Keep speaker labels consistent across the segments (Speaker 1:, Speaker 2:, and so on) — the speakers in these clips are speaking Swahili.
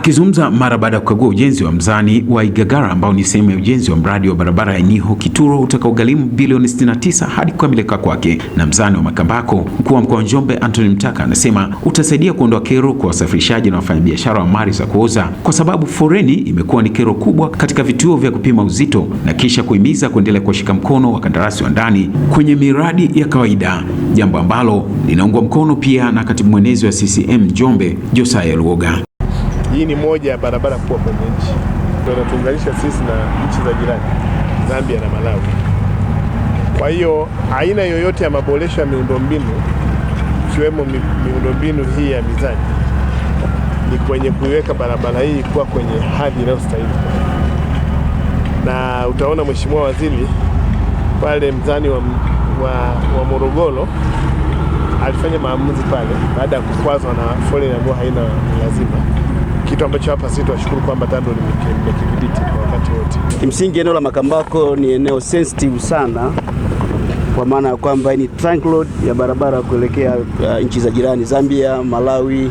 Speaker 1: Akizungumza mara baada ya kukagua ujenzi wa mzani wa igagara ambao ni sehemu ya ujenzi wa mradi wa barabara ya Niho Kituro utakaogharimu bilioni 69 hadi kukamilika kwake na mzani wa Makambako, mkuu wa mkoa wa Njombe Anthony Mtaka anasema utasaidia kuondoa kero kwa wasafirishaji na wafanyabiashara wa mali za kuoza, kwa sababu foreni imekuwa ni kero kubwa katika vituo vya kupima uzito, na kisha kuhimiza kuendelea kuwashika mkono wakandarasi wa ndani kwenye miradi ya kawaida, jambo ambalo linaungwa mkono pia na katibu mwenezi wa CCM Njombe Josaya Luoga.
Speaker 2: Hii ni moja ya barabara kubwa kwenye nchi, ndio inatuunganisha sisi na nchi za jirani Zambia na Malawi. Kwa hiyo aina yoyote ya maboresho ya miundombinu ikiwemo miundombinu hii ya mizani ni kwenye kuiweka barabara hii kuwa kwenye hadhi inayostahili, na utaona Mheshimiwa Waziri pale mzani wa, wa, wa Morogoro alifanya maamuzi pale baada ya kukwazwa na foleni ambayo haina lazima kitu ambacho hapa sisi tunashukuru kwamba TANROADS imekidhibiti kwa wakati wote.
Speaker 3: Kimsingi eneo la Makambako ni eneo sensitive sana, kwa maana ya kwamba ni trunk road ya barabara kuelekea uh, nchi za jirani Zambia, Malawi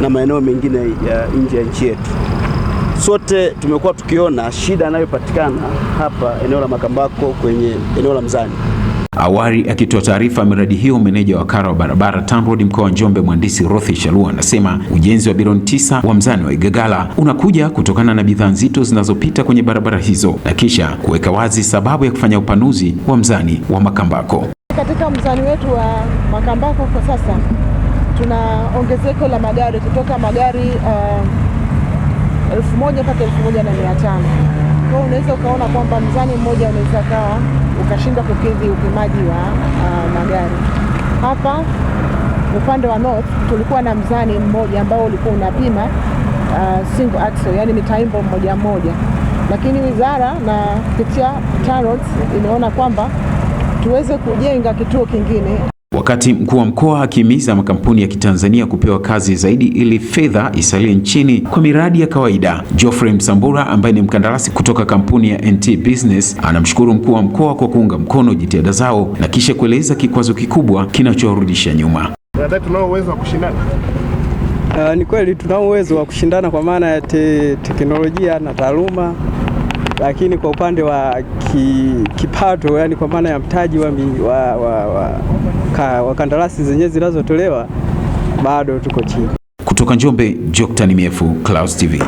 Speaker 3: na maeneo mengine ya nje ya nchi yetu. Sote tumekuwa tukiona shida inayopatikana hapa eneo la Makambako kwenye eneo la Mzani.
Speaker 1: Awali akitoa taarifa ya miradi hiyo, meneja wa kara wa barabara TANROADS mkoa wa Njombe mhandisi Rothi Shalua anasema ujenzi wa bilioni tisa wa mzani wa Igagala unakuja kutokana na bidhaa nzito zinazopita kwenye barabara hizo na kisha kuweka wazi sababu ya kufanya upanuzi wa mzani wa Makambako.
Speaker 4: Katika mzani wetu wa Makambako kwa sasa tuna ongezeko la magari kutoka magari uh, elfu moja mpaka elfu moja na mia tano kwa unaweza ukaona kwamba mzani mmoja unaweza kawa ukashindwa kukidhi upimaji wa uh, magari. Hapa upande wa north tulikuwa na mzani mmoja ambao ulikuwa unapima uh, single axle, yani mitaimbo mmoja mmoja, lakini wizara na kupitia TANROADS imeona kwamba tuweze kujenga kituo kingine.
Speaker 1: Wakati mkuu wa mkoa akihimiza makampuni ya Kitanzania kupewa kazi zaidi ili fedha isalie nchini kwa miradi ya kawaida, Geoffrey Msambura ambaye ni mkandarasi kutoka kampuni ya NT Business anamshukuru mkuu wa mkoa kwa kuunga mkono jitihada zao na kisha kueleza kikwazo kikubwa kinachorudisha nyuma.
Speaker 5: Tunao uwezo wa kushindana.
Speaker 6: Uh, ni kweli tunao uwezo wa kushindana kwa maana ya te teknolojia na taaluma lakini kwa upande wa ki, kipato yani kwa maana ya mtaji wa, wa, wa, wa, ka, wa kandarasi zenyewe zinazotolewa bado tuko chini.
Speaker 1: Kutoka Njombe, Joctan Myefu, Clouds TV.